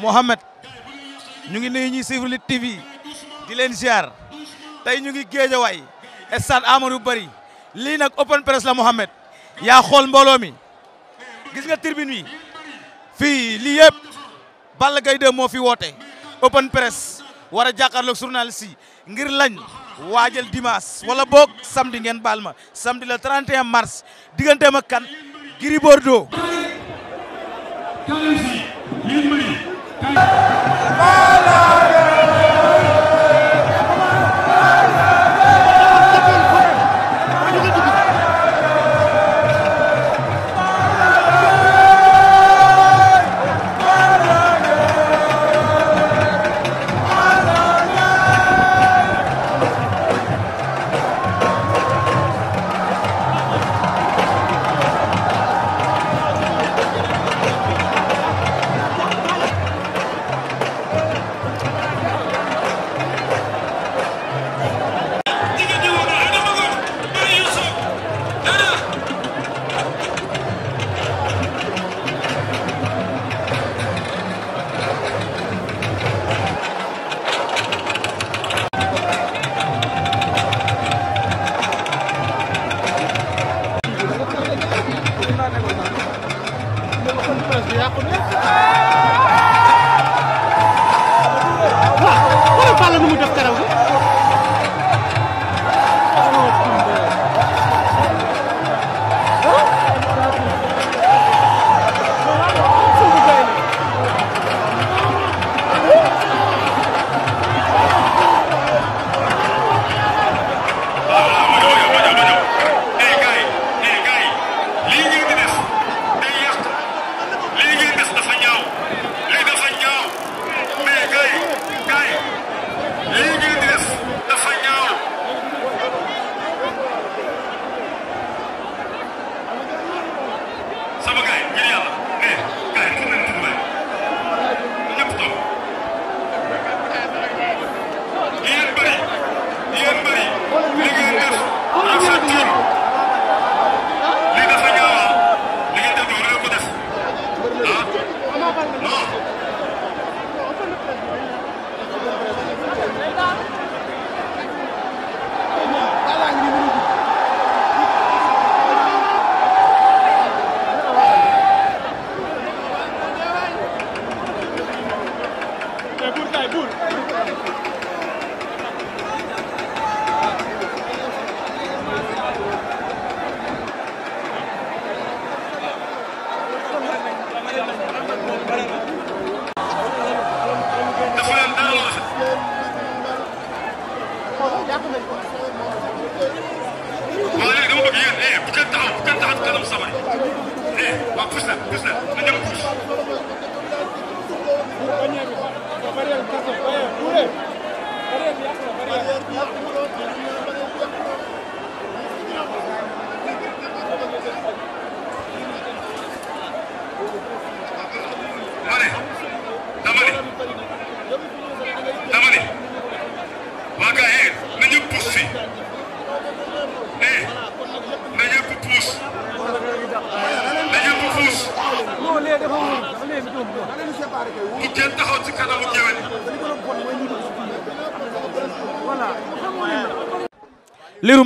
Mohamed ñu ngi nuyu ñuy suivre TV di leen ziar tey ñu ngi Géejawaay stade Amadou Barry lii nag open press la Mohamed yaa xool mbooloo mi gis nga tribune yi fii lii yëpp Balla Gaye moo fi woote open press war a jàkkaarloog journaliste si ngir lañ waajal dimanche wala boog samedi ngeen baal ma samedi le 31 mars digganteem ak kan Gris Bordeaux Bala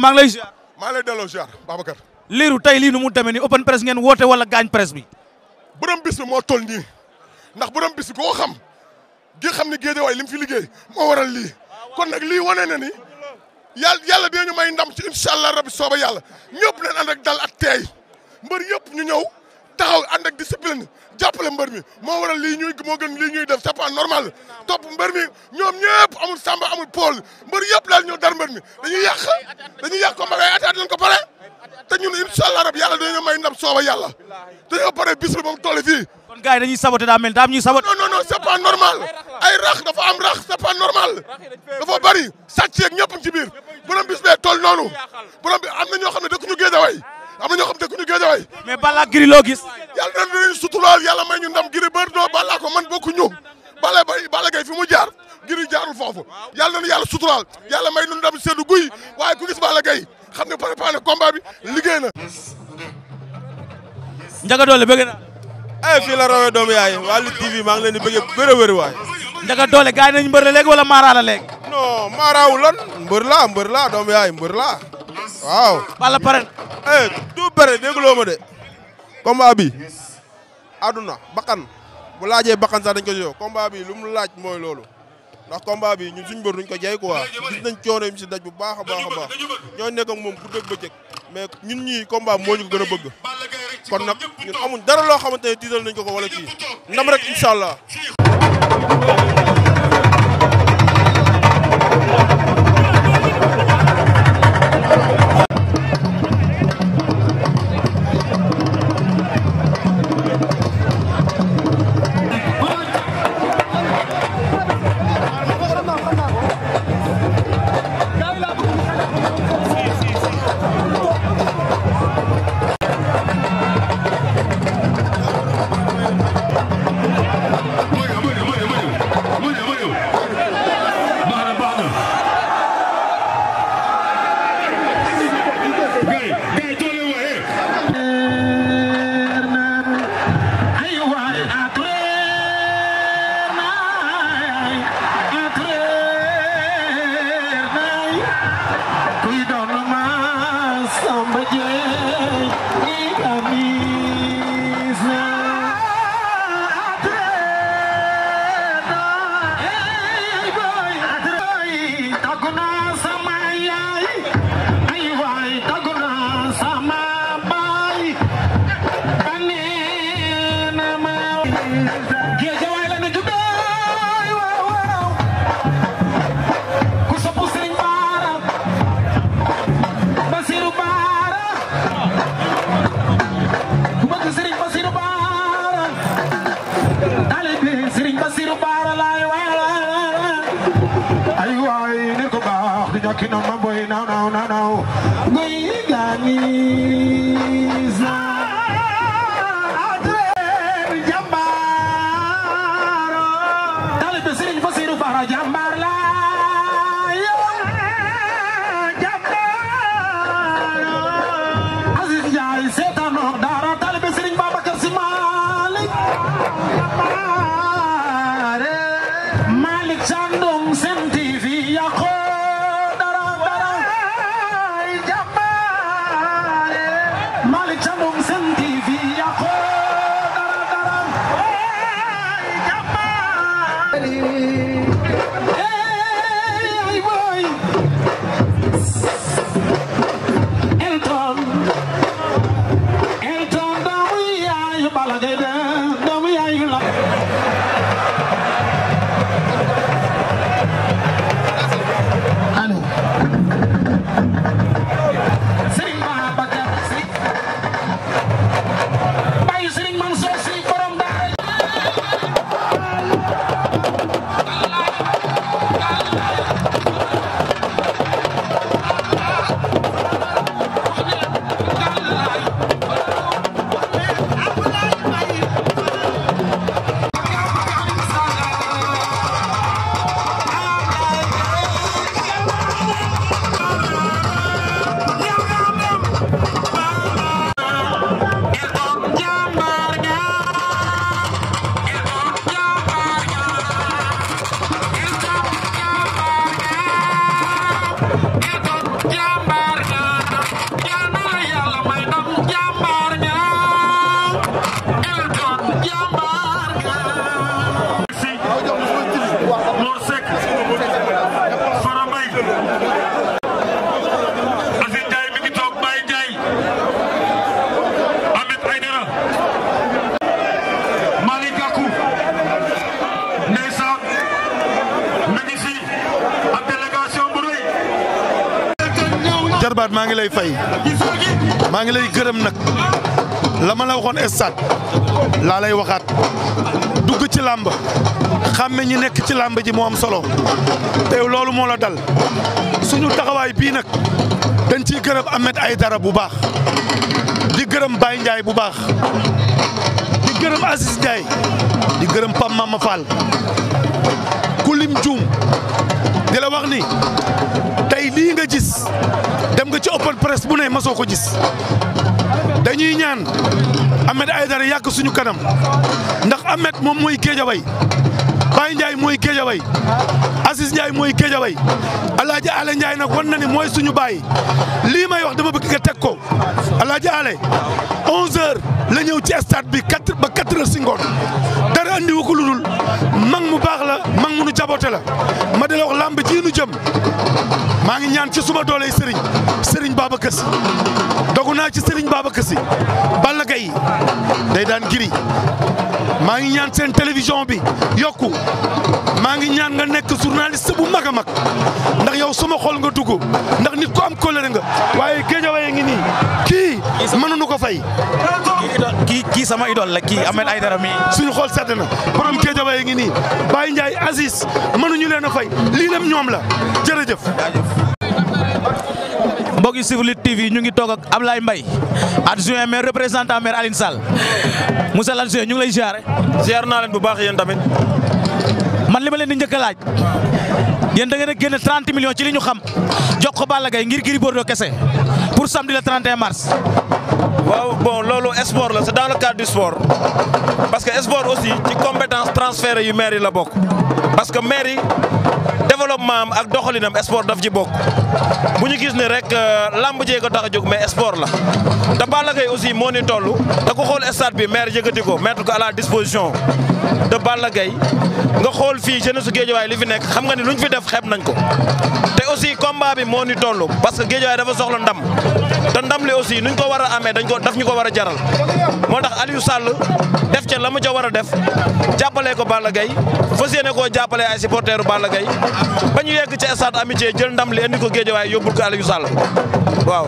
maa ngi lay ziar. maa ngi lay delloo ziar Babacar. Lirou tey lii nu mu demee ni open press ngeen woote wala gaañ press bi. borom bis bi moo toll nii ndax borom bis bi xam gi xam ne Guédiawaye li mu fi liggéey moo waral lii kon nag lii wane na ni yàlla yàlla ñu may ndam ci incha allah rabi sooba yàlla ñëpp nañ ànd ak dal ak teey mbër yëpp ñu ñëw. taxaw ànd ak discipline jàppale mbër mi moo waral lii ñuy moo gën lii ñuy def c'est pas normal topp mbër mi ñoom ñëpp amul Samba amul Paul mbër yëpp daal ñoo dar mbër mi dañuy yàq dañuy yàq ko mbagay at at lañ ko pare te ñun incha allah rab yàlla dañu may ndam sooba yàlla dañoo la ba mu toll fii. kon gars yi dañuy saboté daa mel daa am ñuy saboté. non non non c'est pas normal ay rax dafa am rax c'est normal dafa bari sàcc yeeg ñëpp ci biir borom noonu borom am na ñoo xam ne dëkk ñu géej am na ñoo xam dëkkuñu géejawaay. mais Balla Gris loo gis. yàlla na leen suturaal yàlla may ñu ndam Gris Bordeaux Balla ko man bokkuñu Balla bay Balla Gaye fi mu jaar Gris jaarul foofu yàlla na yàlla suturaal yàlla may ñu ndam seddu guy waaye ku gis Balla Gaye xam ne préparé combat bi liggéey na. Ndiaga Dolé bëgg na. ay fii la rawee doomu yaay waa Lutte TV maa ngi leen di bëgg bëre wër waay. Ndiaga Dolé gars yi nañu mbër la léegi wala Mara la léegi. non Mara mbër laa. waaw Balla pare na. Eh, du bëre ma de. combat bi. aduna bakkan bu laajee bakkan sax dañ ko jox combat bi lu mu laaj mooy loolu. ndax combat bi ñun suñu bër duñ ko jay quoi gis nañ coono yi si daj bu baax a baax a baax ñoo nekk ak moom bu dëgg bëccëg mais ñun ñii combat moo ñu gën a bëgg kon nag ñun amuñ dara loo xamante ne tiital nañ ko ko wala kii ndam rek incha allah. géejawaay la na jarbaat maa ngi lay fay maa ngi lay gërëm nag la ma la waxoon stade laa lay waxaat dugg ci làmb xàmme ñi nekk ci làmb ji moo am solo te loolu moo la dal suñu taxawaay bii nag dañ ciy gërëm ay dara bu baax di gërëm Baye Ndiaye bu baax di gërëm Aziz Ndiaye di gërëm Pam Mama Fall ku juum di la wax ni tey lii nga gis dem nga ci open presse bu ne masoo ko gis dañuy ñaan Ahmed Aidara yàgg suñu kanam ndax Ahmed moom mooy Géejawaay Baye Ndiaye mooy Géejawaay Aziz Ndiaye mooy Géejawaay Alaaji Ale Ndiaye nag wan na ni mooy suñu baay lii may wax dama bëgg nga teg ko Alaaji Ale 11h la ñëw ci stade bi 4 ba 4 heures si ngoon dara andiwu ko ludul mag mu baax la. woote ma di la wax làmb ji jëm maa ngi ñaan ci suma doole sëriñ sëriñ Babacar Sy dogu naa ci sëriñ Babacar Sy Balla Gaye day daan giri maa ngi ñaan seen télévision bi yokku maa ngi ñaan nga nekk journaliste bu mag a mag ndax yow suma xol nga dugg ndax nit ku am kóllëre nga waaye géejawaye ngi nii kii mënuñu ko fay kii sama idole na kii Ahmed Aïdara mi suñu xool sedd na borom Guédiawaye ngi nii Baye Ndiaye Aziz mënuñu leen koy lii lépp ñoom la jërëjëf mbokk yi Lutte TV ñu ngi toog ak Ablaye Mbaye adjoint maire représentant maire Aline Sall monsieur l'adjoint ñu ngi lay ziare. ziar naa leen bu baax yéen tamit. man li ma leen di njëkk a laaj yéen da ngeen a ci li ñu xam jox ko Balla Gaye ngir Gris Bordeaux kese pour samedi le 31 mars waaw bon loolu sport la c'est dans le cadre du sport parce que sport aussi ci compétence transférée yu maire la bokk parce que maire yi développement am ak doxalinam sport dafa ci bokk bu ñu gis ne rek euh, lamb jee ko tax a jóg mais sport la te Balla aussi moo ni tollu te ku xool stade bi maire yëkkati ko mettre ko à la disposition de Balla nga xool fii jeunesse Guédiawaye li fi nekk xam nga ni luñ fi def xeeb nañ ko te aussi combat bi moo ni toll parce que Guédiawaye dafa soxla ndam. te ndam li aussi nuñ ko war a amee dañ ko daf ñu ko war a jaral moo tax aliyu Sall def ca la mu ca war a def jàppalee ko Balla Gaye fas yéene koo jàppalee ay supporteru Balla Gaye ba ñu yegg ca stade amitié jël ndam li indi ko Géejawaay yóbbul ko Aliou Sall waaw.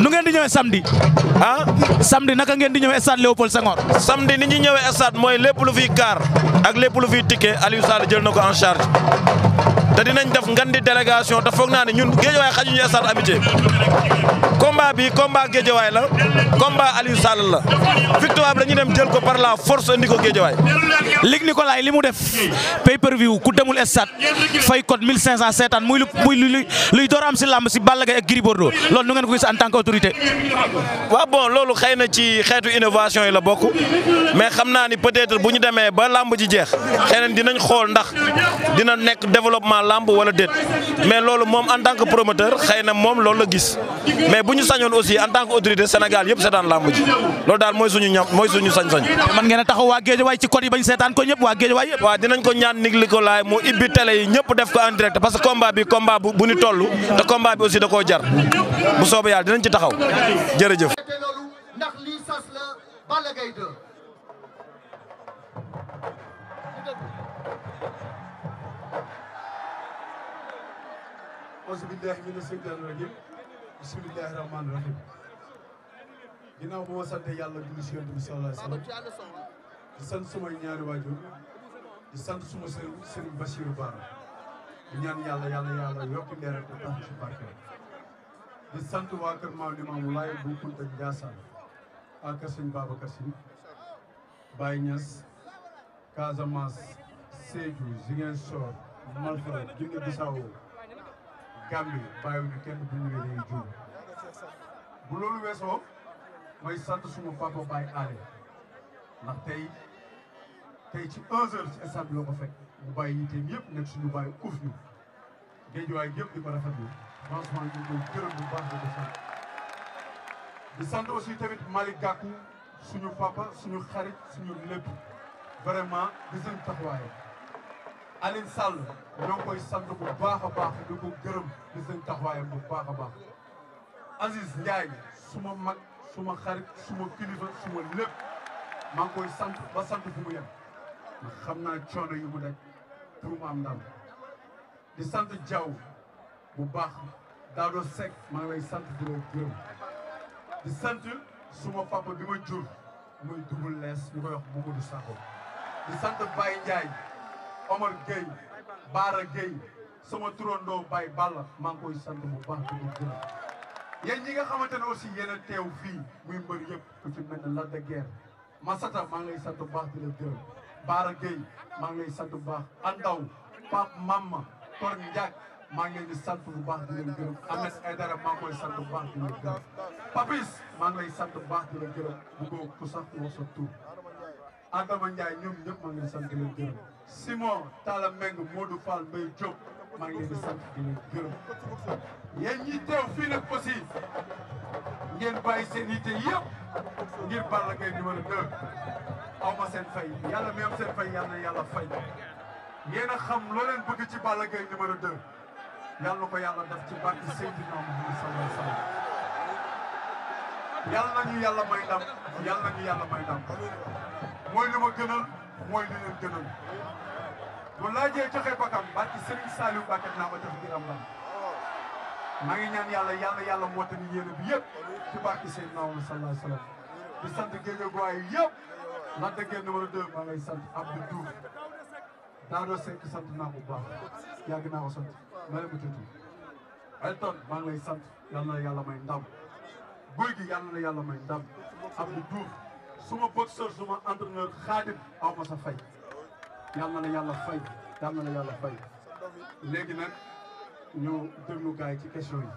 nu ngeen di ñëwee samedi. ah samedi naka ngeen di ñëwee stade Léopold Senghor. samedi ni ñuy ñëwee stade mooy lépp lu fi kaar ak lépp lu fiy ticket Aliou Sall jël na ko en charge. te dinañ def ngan di délégation te foog naa ne ñun Guédiawaye xajuñu stade amitié combat bi combat géejawaay la combat Aliou Sall la victoire bi dañuy dem jël ko par la force indi ko géejawaay. Luc Nicolaï li mu def pay ku demul stade fay code 1500 seetaan muy lu muy lu luy door am si làmb si Balla Gaye ak Gris Bordeaux loolu nu ngeen ko gis en tant qu'autorité. waaw bon loolu xëy na ci xeetu innovation yi la bokk mais xam naa ni peut-être bu ñu demee ba làmb ji jeex xëy na dinañ xool ndax dina nekk développement làmb wala déet mais loolu moom en tant que promoteur xëy na moom loolu la gis bu ñu sañoon aussi en tant que autorité Sénégal yëpp seetaan làmb ji loolu daal mooy suñu ñam mooy suñu sañ-sañ. man ngeen a taxaw waa Géejawaay ci code yi bañ seetaan ko ñëpp waa Géejawaay yëpp. waaw dinañ ko ñaan nig li ko laay mu ibbi télé yi ñëpp def ko en direct parce que combat bi combat bu bu ñu te combat bi aussi da koo jar bu soobee yàlla dinañ ci taxaw bisimilahi rahmaani rahim ginnaaw bu ma sant yàlla julli si yonent bi sallallahu alayhi wa sant sumay ñaari waajur di sant suma sëriñ sëriñ Basiru Baara di ñaan yàlla yàlla yàlla yokk leeral te tax ci barke di sant waa kër Maam Limaamu Laay bu Kunta Njaasaan ak kër sëriñ Babacar Si Baye Niass Casamance Sédhiou Ziguinchor Malfra Guinée Bissau Gambie bàyyiwuñu kenn bu ñu nee dañuy bu loolu weesoo may sant suñu papa Baye Allé ndax tey tey ci 11h ci stade bi la ko fekk mu bàyyi yitteem yëpp nekk suñu bàyyi uuf ñu géejuwaay yëpp di ko rafetlu franchement ñu ngi koy gërëm bu baax di ko sant. di sant aussi tamit Malick suñu papa suñu xarit suñu lépp vraiment di seen taxawaay. Alioune Sall ñoo ngi koy sant bu baax a baax di ko gërëm di seen bu baax a baax Aziz suma mag suma xarit suma kilifa suma lépp maa ngi koy sant ba sant fu mu yem ndax xam naa coono yu mu daj pour mu am ndam di sant Diaw bu baax Daado Seck maa ngi lay sant di la gërëm di sant suma papa bi ma jur muy Double Less ñu koy wax Mamadou Sakho di sant Baye Ndiaye Omar Gueye Baara Gueye sama turandoo bay Balla maa ngi koy sant bu baax di ko gërëm yéen ñi nga xamante ne aussi teew fii muy mbër yëpp ku ci mel ne Lac de Masata maa ngi lay sant bu baax di la gërëm Baara Gueye maa ngi lay sant bu baax Andaw Pape Mamma Kor Ndiak maa ngi leen sant bu baax di leen gërëm Ahmed Aidara maa ngi koy sant baax di leen gërëm Papis maa ngi lay sant bu baax di leen gërëm bu ko ku sax wax sa tur Adama Ndiaye ñoom ñëpp maa ngi leen sant di leen gërëm Simon Talla Mbengue Modou Fall Mbaye Diop maa ngi leen di sant di leen gërëm yéen ñi teew fii nag aussi ngeen bàyyi seen yitte yëpp ngir Balla Gaye numéro 2 aw ma seen fay yàlla mi am seen fay yàlla na yàlla fay yéen a xam loo leen bëgg ci Balla Gaye numéro 2 yàlla lu ko yàlla def ci barke Seydina Muhammad sallallahu alayhi wa sallam yàlla na ñu yàlla may ndam yàlla na ñu yàlla may ndam mooy li ma gënal. mooy li leen gënal bu laajee joxe bakam barki Serigne Saliou Mbacké naa ko jox biram ba maa ngi ñaan yàlla yàlla yàlla mottali yéene bi yëpp ci barki Seydina Muhammad sallallahu alayhi wa sallam di sant Guédiawaye yëpp Lac de Guiers numéro 2 maa ngay sant Abdou Diouf Daado Seck sant naa bu baax yàgg naa ko sant Mariama Tuuti Elton maa ngi lay sant yàlla na yàlla may ndam guy gi yàlla na yàlla may ndam Abdou Diouf suma boxeur suma entraîneur xaadim aw ma sa fay yàlla na yàlla fay yàlla na yàlla fay léegi nag ñu déglu gars yi ci question yi.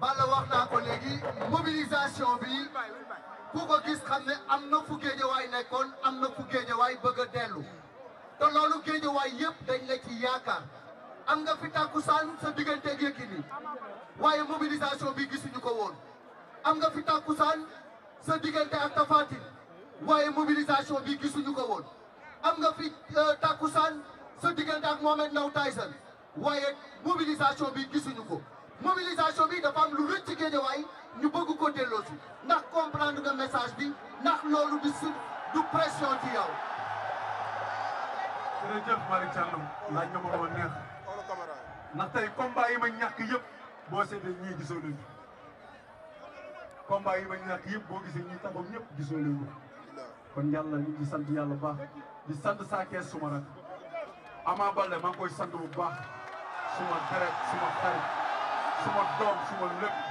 Balla wax naa ko léegi mobilisation bi ku ko gis xam ne am na fu géejawaay nekkoon am na fu géejawaay bëgg a dellu te loolu géejawaay yëpp dañ la yaakaar am nga fi tàkkusaan sa digganteeg Yékini waaye mobilisation bi gisuñu ko woon am nga fi tàkkusaan sa diggante ak Tapha waaye mobilisation bi gisuñu ko woon am nga fi euh, takkusaan sa diggante ak Mohamed Ndao Tyson waaye mobilisation bi gisuñu ko mobilisation bi dafa am lu rëcc Guédiawaye ñu bëgg ko delloosi ndax comprendre nga message bi ndax loolu du su du pression ci yow. jërëjëf Malick Thiandoum laaj nga ma ko ndax tey combat yi ma ñàkk yëpp boo seetee ñii gisoo combat yi ba ñu nekk yëpp boo gisee ñuy taxaw ñëpp gisoo leen ko kon yàlla ñu ngi sant yàlla bu baax di sant saa kees suma nag Ama Baldé maa koy sant bu baax suma deret suma xarit suma doom suma lépp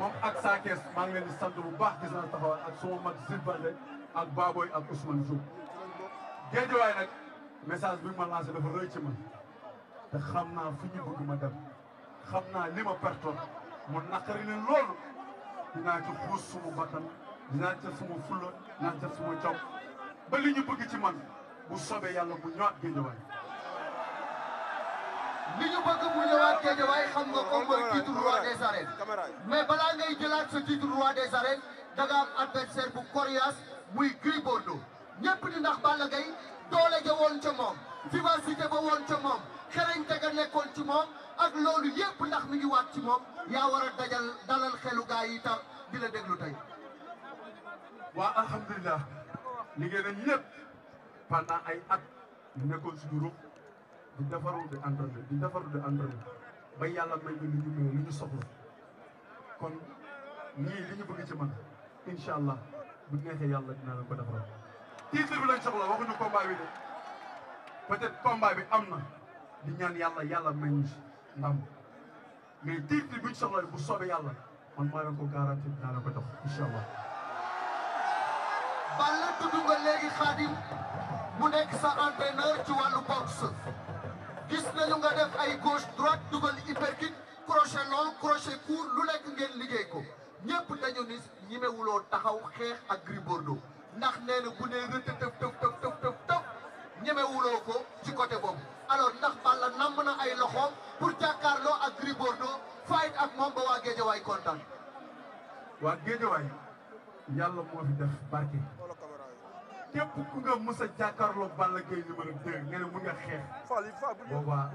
moom ak saa kees maa di sant bu baax gis naa taxawaay ak suma mag Zil Baldé ak Baboy ak Ousmane Diop. géejewaay nag message bi ma lancé dafa rëy ci man te xam naa fi ñu bëgg ma dem xam naa li ma mu naqari leen loolu. dinaa ci xuus suma bakkan dinaa ca suma fulla dinaa ca suma jom ba li ñu bëgg ci man bu soobee yàlla bu ñëwaat géejawaay li ñu bëgg bu ñëwaat géejawaay xam nga ko mooy titre roi des arènes mais balaa ngay jëlaat sa titre roi des arènes nga am adversaire bu coriace muy Gris Bordeaux ñëpp di ndax Balla Gaye doole ja woon ca moom vivacité ba woon ca moom xereñte ga nekkoon ci moom ak loolu yëpp ndax mi ngi waat ci moom yaa war a dajal dalal xelu gaa yi tax di la déglu tey. waa alhamdulilah liggéey nañ lépp pendant ay at ñu nekkoon suñu ruux di defaru di entraîné di defaru di entraîné ba yàlla may ñu lu ñu lu ñu soxla kon ñii li ñu bëgg ci man incha bu neexee yàlla dina na ko defaral. titre bi lañ soxla waxuñu combat bi de peut-être combat bi am na di ñaan yàlla yàlla may ñu ndam. mais tiit bi bu ñu soxla bu soobee yàlla man maa leen ko garanti naa la ko jox incha allah. Balla léegi Khadim mu nekk sa entraîneur ci wàllu boxe gis nañu nga def ay gauche droite dugal uppercut crochet long crochet court lu nekk ngeen liggéey ko ñëpp dañu ni ñemewuloo taxaw xeex ak Gris ndax nee na bu nee rëtt tëf tëf ñemewuloo ko ci côté boobu. alors ndax Balla namm na ay loxoom pour jàkkaarloo ak Gris Bordeaux ak moom ba waa Géejawaay kontaan. waa Géejawaay yàlla moo fi def barke. képp ku nga mës a jàkkaarloo Balla Gaye numéro 2 nga ne mun nga xeex. boobaa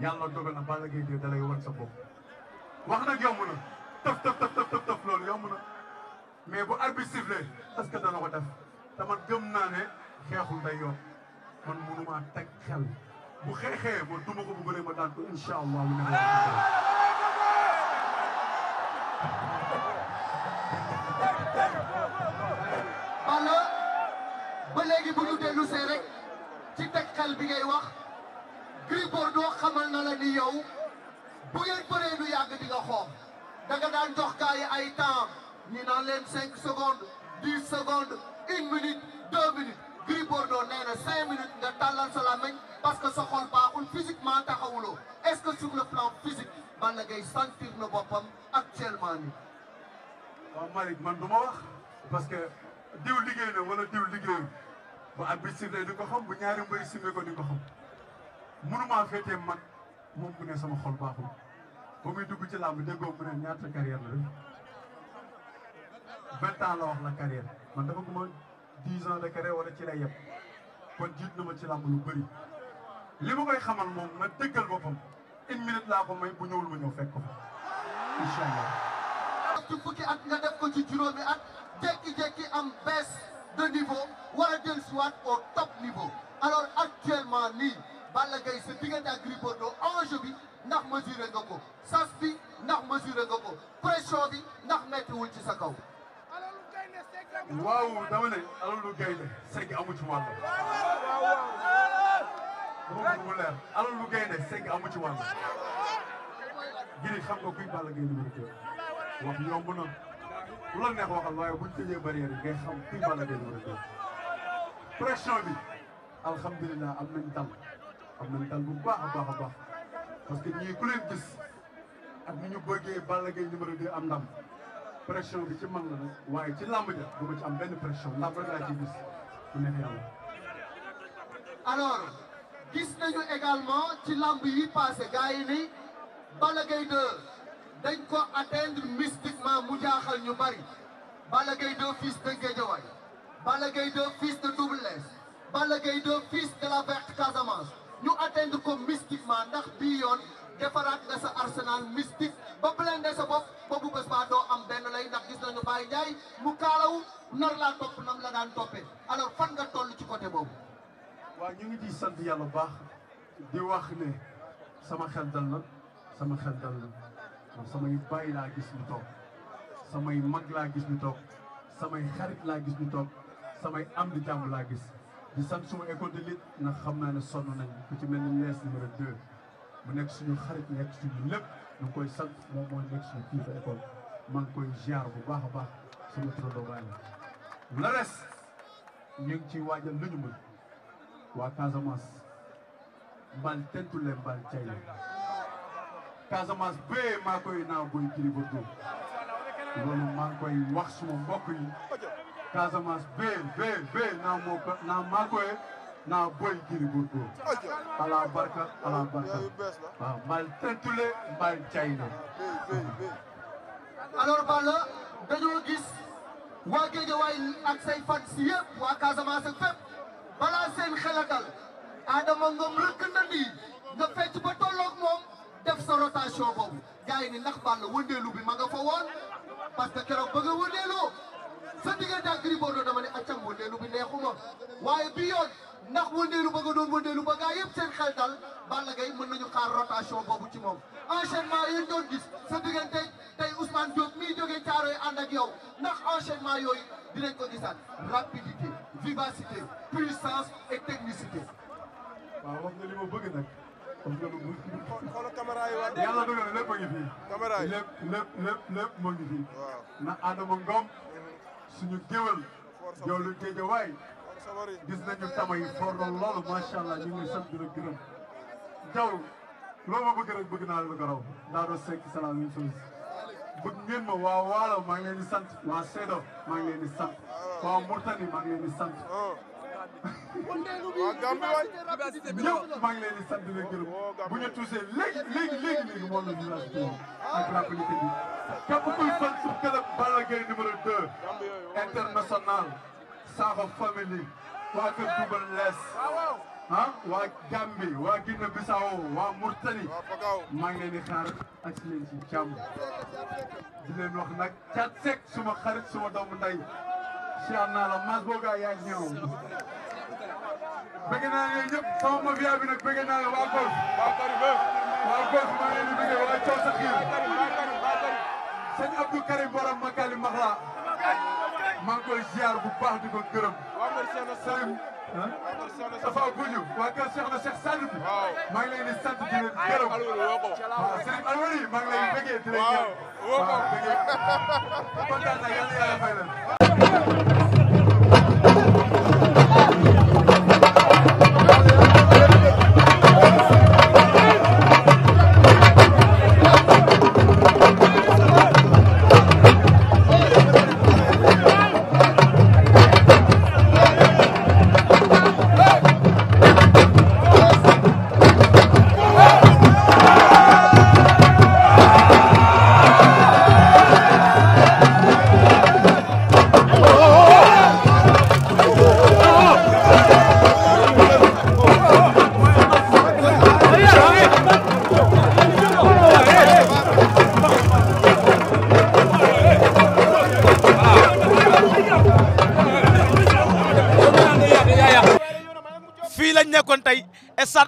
yàlla dogal na Balla Gaye 2 da lay sa bopp. wax nag yomb na tëf tëf tëf mais bu que dana ko def gëm naa ne xeexul day yoon man mënumaa teg xel. bu xeexee ma duma ko bu bëree ma daan ko incha allah. siflee di ko xam bu ñaari mbëri simee ko di ko xam mënumaa féetee mag moom mu ne sama xol baaxul ba muy dugg ci làmb déggoo mu ne ñaata carrière la def vingt ans la wax la carrière man dafa guma dix ans de carrière wala ci lay yem kon jiit na ma ci làmb lu bëri li ma koy xamal moom na dëggal boppam une minute laa ko may bu ñëwul ma ñëw fekk ko incha allah. fukki at nga def ko ci juróomi at jékki-jékki am bees. de wara war a oo soit au top niveau alors actuellement nii Balla Gaye sa diggante ak Gris Bordeaux enjeu bi ndax mesuré nga ko sas bi ndax mesuré nga ko pression bi ndax mettiwul ci sa kaw. waaw dama ne alalu gaynde segg amu ci wàll. dama mu leer alalu gaynde segg amu ci wàll. Gris xam nga kuy Balla Gaye numéro 2 na. lu la neex waxal waaye buñ tëjee barrière ngay xam kuy Balla Gaye war a doon pression bi alhamdulilah am nañ dal am nañ dal bu baax a baax a baax parce que ñii ku leen gis ak ni ñu bëggee Balla Gaye numéro 2 am ndam pression bi ci man la nag waaye ci làmb ja du ma ci am benn pression làmb rek laa ci gis bu nekk yàlla alors gis nañu également ci làmb yi passé gars yi ni Balla Gaye 2 dañ ko atteindre mystiquement mu jaaxal ñu bari Balla Gaye 2 fils de Guédiawaye Balla Gaye 2 fils de Double Less Balla Gaye 2 fils de ñu atteindre ko mystiquement ndax bii yoon defaraat nga sa arsenal mystique ba blindé sa bopp ba bu bés ba doo am benn lay ndax gis nañu Baye Ndiaye mu kaalaw nar laa topp nam la daan toppee alors fan nga toll ci côté boobu waaw ñu ngi di sant yàlla bu baax di wax ne sama xel dal na sama xel dal na ndax samay bàyyi laa gis ñu toog samay mag laa gis ñu toog samay xarit laa gis ñu toog samay am di jàmm laa gis di sant suma école de lutte ndax xam naa ne sonn nañ ku ci mel ni lees numéro 2 mu nekk suñu xarit nekk suñu lépp ñu ngi koy sant moom mooy nekk suñu kii fa école koy ziar bu baax a baax suñu turandoo baay la ñu ngi ciy waajal lu ñu mën waa Casamance mbal tentu leen mbal cay Casamance bee maa koy naaw booy Gris Bordeaux loolu wax suma mbokk yi Casamance bee bee bee naa moo naa maa koy naa booy Gris Bordeaux ala barka mbal tentule mbal cayna alors Balla dañoo gis waa Guédiawaye ak say fan si yëpp waa Casamance ak balaa seen xel a dal Adama Ngom rëkk na nii nga fecc ba tolloog moom def sa rotation boobu gars yi ni ndax Balla wëndeelu bi ma nga fa woon parce que keroog ba nga wëndeeloo sa diggante ak Gris Bordeaux dama ne accam wëndeelu bi neexuma waaye bi yoon ndax wëndeelu ba nga doon wëndeelu ba gars yëpp seen xel dal Balla Gaye mën nañu xaar rotation boobu ci moom enchaînement yéen doon gis sa diggante tey Ousmane Diop mii jógee Caaroy ànd ak yow ndax enchaînement yooyu dinañ ko gisaat rapidité vivacité puissance et technicité xoolal caméra yi lépp a ngi fi. caméra lépp lépp lépp lépp moo ngi fi. waaw na Adama Ngom suñu géwal. gis na ñu ngi sant di la gërëm. Diaw loo ma bëgg rek bëgg garaw daa doon sekk salaam min suuf bëgg ngeen waa Waalo maa ngi leen sant waa Seedo maa ngi leen sant waa Mourtani maa ngi leen sant. Oh. waaw Gambie waay ñëpp maa ngi leen di sant di leen bu ñu tuusee léegi léegi léegi léegi moom la ñu naan tuur ak rapidité bi. képp kuy fan suuf këlëb Balla Gaye numéro 2 international Sakho family waa kër Double Less ah waa Gambie waa Guinée Bissau waa Mauritanie maa ngi leen di xaar ak si leen ci jàmm di leen wax nag cat sec suma xarit suma doomu ndey si am naa la mas boogaa yaa bëgg naa leen ñëpp sama mafia bi nag bëgg naa leen waa golf waa golf waa golf maa ngi leen di bëgg waa Thiaw Sakir sëñ Abdou Karim borom Makali Makhla maa ngi koy ziar bu baax di ko gërëm Salim dafa buñu waa kër Cheikh na Cheikh Sadibou maa ngi leen di sant di leen gërëm waaw Serigne Alwari maa ngi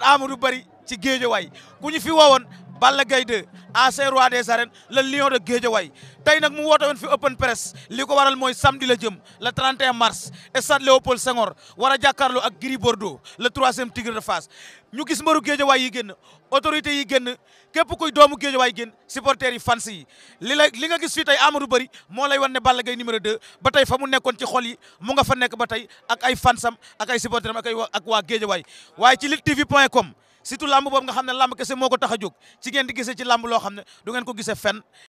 Amadou Bari ci Guédiawaye ku ñu fi woowoon Balla Gaye 2 ancien roi des arènes le lion de Guédiawaye tey nag mu woote woon fi open press li ko waral mooy samedi la jëm le 31 mars stade Léopold Senghor war a jàkkaarloo ak Gris Bordeaux le troisième tigre de fas ñu gis mbaru Guédiawaye yi génn autorité yi génn képp kuy doomu géejawaay gen supporters yi fans yi li la li nga gis fii tey Amadou Bari moo lay wan ne Balla Gaye numéro 2 ba tey fa mu nekkoon ci xol yi mu nga fa nekk ba tey ak ay fansam ak ay supporters ak ay ak waa géejawaay waaye ci luttetv.com surtout lamb boobu nga xam ne lamb kese moo ko tax a jóg ci ngeen di gisee ci lamb loo xam ne du ngeen ko gisee fenn